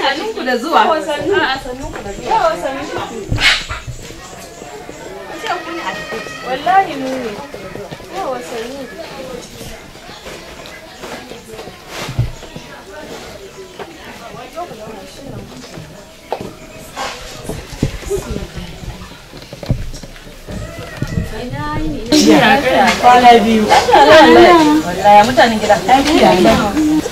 sannunku da zuwa. sannunku da zuwa. Yawa ne Ashe ne a cikin. Ina ne. Yawa mutanen gida.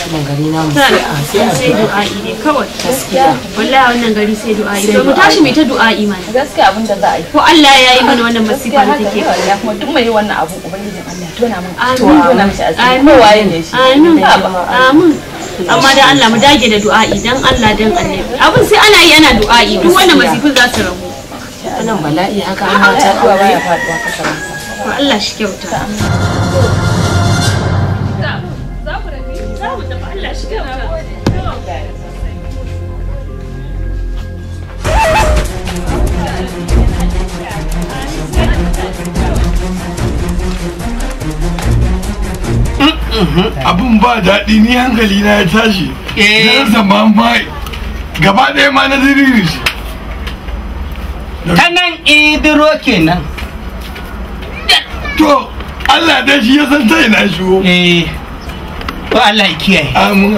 wannan gari na mu sai a sai a sai du'a'i ne kawai gaskiya wallahi wannan gari sai du'a'i to mu tashi mu ta du'a'i mana gaskiya abin da za a yi ko Allah ya yi mana wannan masifa da take kalla kuma duk mai wannan abu ubangijin Allah tona mun tona ko waye ne shi amin amin amma dan Allah mu dage da du'a'i dan Allah dan Allah abin sai ana yi ana du'a'i duk wannan masifin za su rabu wannan bala'i haka ya faduwa kasar Allah shi kyauta abin ba daɗi ni hankali na ya tashi eh. na rasa ma gaba ɗaya ma na ziriri ta nan idiro kenan to Allah da shi ya san sai na shi eh to Allah ya kiyaye amin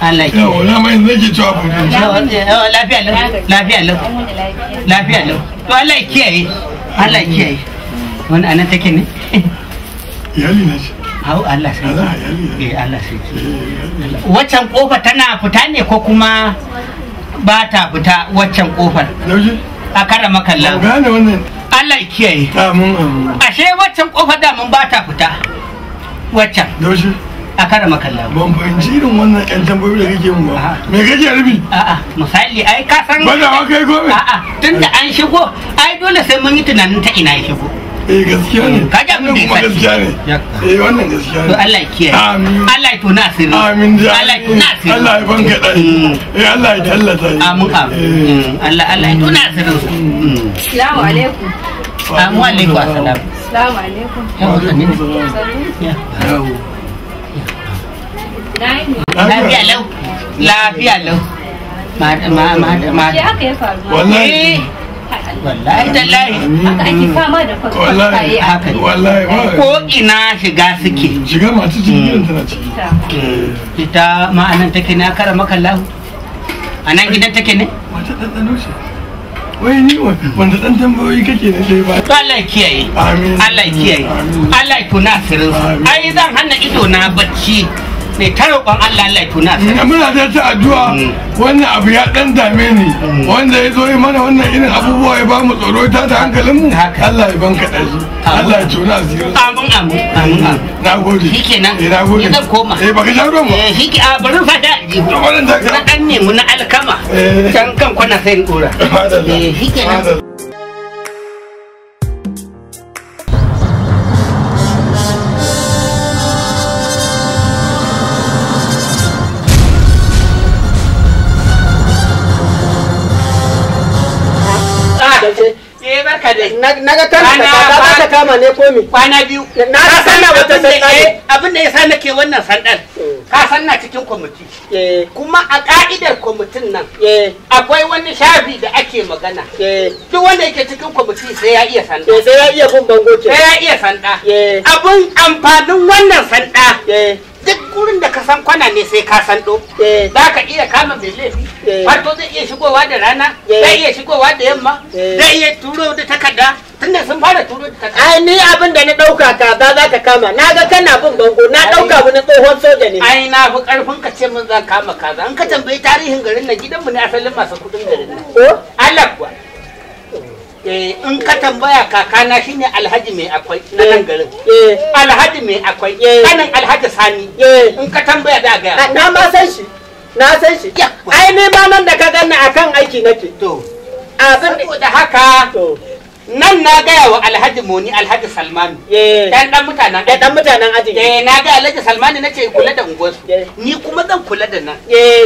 Allah ya kiyaye na mai nake cewa ku lafiya lau lafiya lau lafiya lau to Allah ya kiyaye Allah ya kiyaye wani anan take ne iyali na shi hau Allah sai eh Allah sai waccan kofa tana fita ne ko kuma ba ta fita waccan kofar a kara makalla gane Allah kiyaye amin amin um, ashe waccan kofar da mun ba ta fita waccan a kara makalla ban fahimci irin wannan yan tambayoyi da kake mu ba me kake rubi a'a misali ai ka san ba da kai gobe a'a tunda an shigo ai dole sai mun yi tunanin ta ina ya shigo eh gaskiya ne kaga abin da ya gaskiya ne eh wannan gaskiya ne to Allah ya kiyaye amin Allah ya asiri amin Allah ya asiri Allah ya banka dai mm. eh Allah ya tallata amin amin eh. mm. Allah Allah ya asiri assalamu mm. alaikum wa alaikum assalamu alaikum assalamu alaikum lafiya lau lafiya lau ma ma ma ma ya faru wallahi eh, wallahi tallahi haka ake fama da kwallaye haka wallahi ko ina shiga suke shiga masu jirgin tana ciki mm. eh, ita ma'anan take ne na kara makallahu a nan gidan take ne wata ɗanɗano ce wai ni wanda ɗan tambayoyi kake na ɗaya ba Allah kiyaye Allah kiyaye Allah tuna sirrin ai zan hana ido na bacci ne tare roƙon Allah Allah ya tuna ta muna da ta addu'a mm. wannan abu ya dan dame ni mm. wanda ya zo yi mana wannan irin abubuwa ya ba mu tsoro ta da hankalin mu Allah ya banka da shi Allah ya tuna asirin amin amin amin na gode shikenan eh, na gode zan koma eh baka sha ruwan ba eh shike a bari fada jihu na dan nemi na alkama kan eh. kan kwana sai in dora eh shikenan na ga kan ta ta kama ne komi. me kwana biyu na san na wata sandal abin da yasa nake wannan sandal mm. ka san na cikin kwamiti eh. kuma a ka'idar kwamitin nan eh. akwai wani shafi da ake magana eh. duk wanda yake cikin kwamiti sai ya iya sanda sai ya iya bin bango sai ya iya sanda abin amfanin wannan sanda duk gurin da ka san kwana ne sai ka san do eh. za ka iya kama mai laifi wato eh. zai iya shigowa da rana eh. zai iya shigowa da yamma zai iya turo da takarda tunda sun fara turo da takarda ai ni abin da na ɗauka kaza za ka kama na ga kana bin bango na ɗauka wani tsohon soja ne ai na fi ƙarfin ka ce min zan kama kaza an ka tambayi tarihin garin na gidanmu ne asalin masu kuɗin garin ko Allah kuwa Eh, in ka tambaya kakana shine alhaji mai akwai na nan garin eh. alhaji mai akwai eh. kanan alhaji sani in ka tambaya da ga na ma san shi na san shi ai ni ma nan da ka ganna akan aiki nake to abin da haka nan na gaya wa alhaji moni alhaji salman dan dan mutanen eh dan mutanen aji eh na ga alhaji salman na ce kula da unguwarsu ni kuma zan kula da nan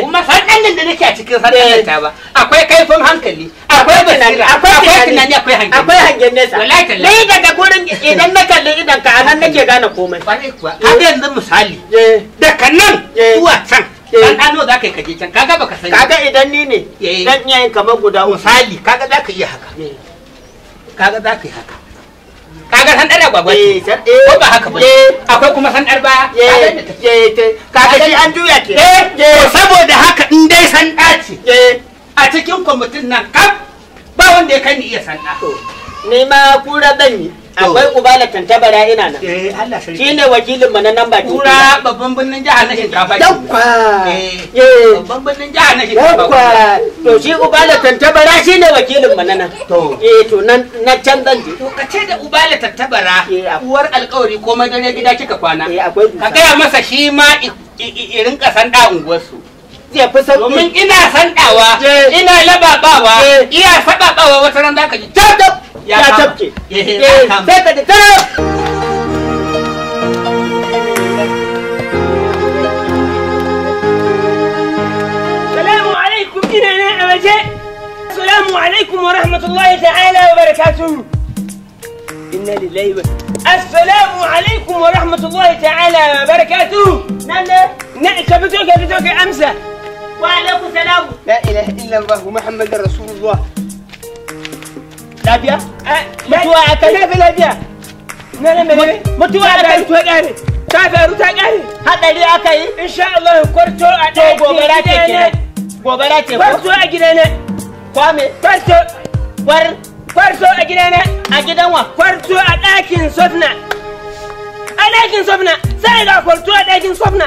kuma sanan da nake a cikin sanan ta ba akwai kaifin hankali akwai basira akwai tunani akwai hangen akwai hangen nesa ni daga gurin idan na kalli idan ka anan nake gane komai haka yanzu misali eh. daga nan eh. zuwa can dan eh. ano za ka yi kaje can kaga baka sani kaga idan ni ne dan iya yin kamar guda misali kaga za ka iya haka kaga za ka yi haka kaga san ɗan agwagwa ko ba haka ba akwai kuma san ɗan ba kaga shi an juya ke saboda haka in dai san ɗaci a cikin kwamitin nan kaf ba wanda ya kai ni iya sanda ni ma kura zan yi akwai tantabara ina nan eh, shi ne wakilin mu na nan ba kura babban birnin jihar na shinkafa dakwa eh, eh. babban birnin jihar na shinkafa to shi tantabara shi ne wakilin mu na nan to eh to nan na can zan je to ka ce da ubala tantabara uwar alkawari komai dare gida kika kwana ka gaya masa shi ma irin kasan da unguwarsu ya fi sauki domin ina sandawa ina lababawa iya sababawa wata ran zaka ji tab ya tabke sai ka ji tab السلام عليكم ورحمة الله تعالى وبركاته إنا لله و... السلام عليكم ورحمة الله تعالى وبركاته نانا نا كبتوك كبتوك أمسى وعليكم السلام لا اله الا الله محمد رسول الله lafiya eh, mutuwa a kai na fi lafiya ta kare ta faru ta kare hadari aka yi insha Allah a ɗaya gobara ce kenan gobara ce kwarto a gidana kwame kwarto kwar kwarto a gidana a gidan wa kwarto a ɗakin sofna a ɗakin sofna sai ga kwarto a ɗakin sofna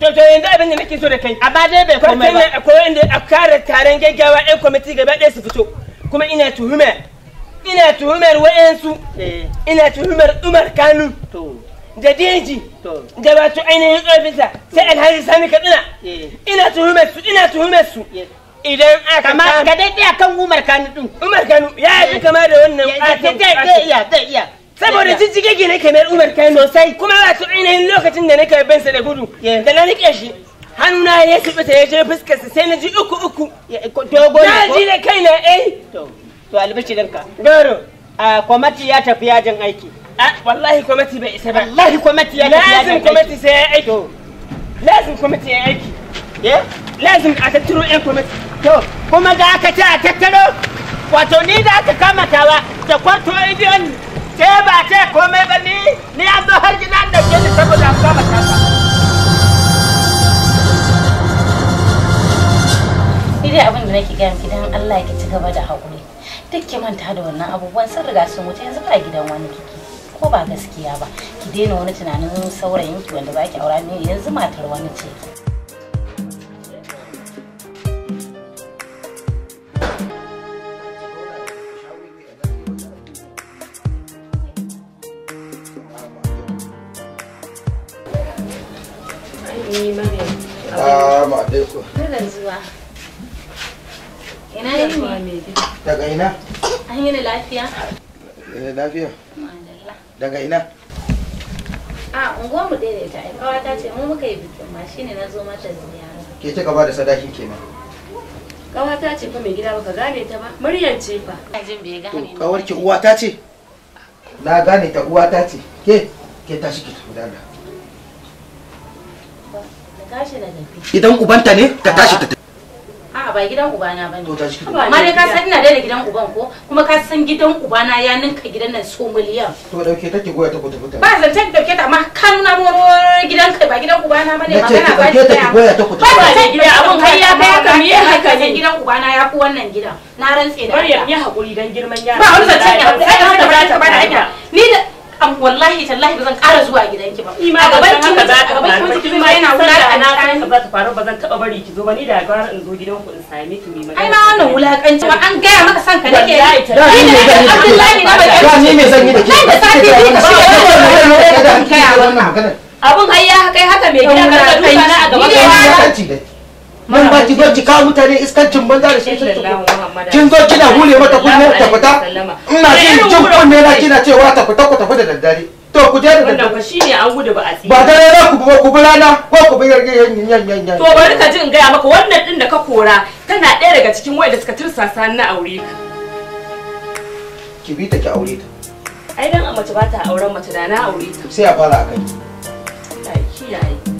to to yanzu abin da nake so da kai a ba dai bai komai ba akwai wanda a kare taron gaggawa yan kwamiti gaba ɗaya su fito kuma ina tuhumar ina tuhumar wa'ansu eh. ina tuhumar umar kanu da deji da wato ainihin ofisa sai alhaji sani katsina eh. ina tuhumar su ina tuhumar su idan aka kama ka daidai kan umar kanu din umar kanu ya yi kama da wannan ya zai iya zai iya saboda jijjige gi ne mai umar kai sai kuma ba su ainihin lokacin da nake bin sa da gudu da na rike shi hannuna ya ta ya je fuskar sa sai na ji uku uku dogo na ji da na eh to to danka. goro a kwamati ya tafi yajin aiki wallahi kwamati bai isa ba wallahi kwamati ya tafi yajin aiki lazim kwamati sai ya aiki lazim kwamati ya aiki lazim a tattaro yan kwamati to kuma ga aka ce a tattaro wato ni da aka kama tawa da kwarto idiyon dai abin da nake gaya miki dan Allah ki ci gaba da haƙuri duk ki manta da wannan abubuwan sun riga sun wuce yanzu ba gidan wani kiki ko ba gaskiya ba ki daina wani tunanin saurayin ki wanda zaki aura ne yanzu matar wani ce Ah, Daga ina? An yi lafiya. Eh, lafiya? Daga ina? A unguwar na Ke ce ba da sadakin kenan. Kawa ta ce fa mai gida baka gane ta ba, muryar ce fa. Kawar ki uwa ce? Na gane ta uwa ce. Ke ke tashi ki tafi Idan ubanta ne ka tashi ta A'a ba gidan ubana ba ne. Amma dai ka san ina da gidan uban ko kuma ka san gidan ubana ya ninka gidan nan so miliyan. To dauke take goya ta kuta kuta. Ba zan ta dauke ta amma ka nuna moro gidan kai ba gidan ubana ba ne magana ba. Dauke ta goya ta kuta. Ba zan gida abun kai ya ba ka miye haka ne gidan ubana ya fi wannan gidan. Na rantse da. Bari ya hakuri dan girman yara. Ba wani zancen ya. Ai haka ba ta bada hanya. Ni da am wallahi tallahi ba zan ƙara zuwa gidanki ba ni ma ba zan haka za ka ba kuma yana wulaƙanta na san ka ba ta faru ba zan bari ki zo ba ni da gara in zo gidanku in same ki mai magana ai ma wannan an gaya maka san ka nake ai da Abdullahi na bai da ni me zan yi da ki da sati ne ka shiga wannan magana abun ai ya kai haka mai gidan ka a gaba ga ya nan ba ki zo ki kawo mutane iskancin banza da shi kin zo kina hule mata kunnen ta fita ina jin jin kunne na kina cewa ta fita ku tafi da daddare to ku je da daddare wannan shine an gudu ba asiri ba dare na ku ku bi rana ko ku bi yarge yan yan yan to bari ka ji in gaya maka wannan din da ka kora tana ɗaya daga cikin da suka tursasa na aure ka ki bi ta ki aure ta ai dan a mace ba ta auren mace da na aure ta sai a fara akai ai kiyaye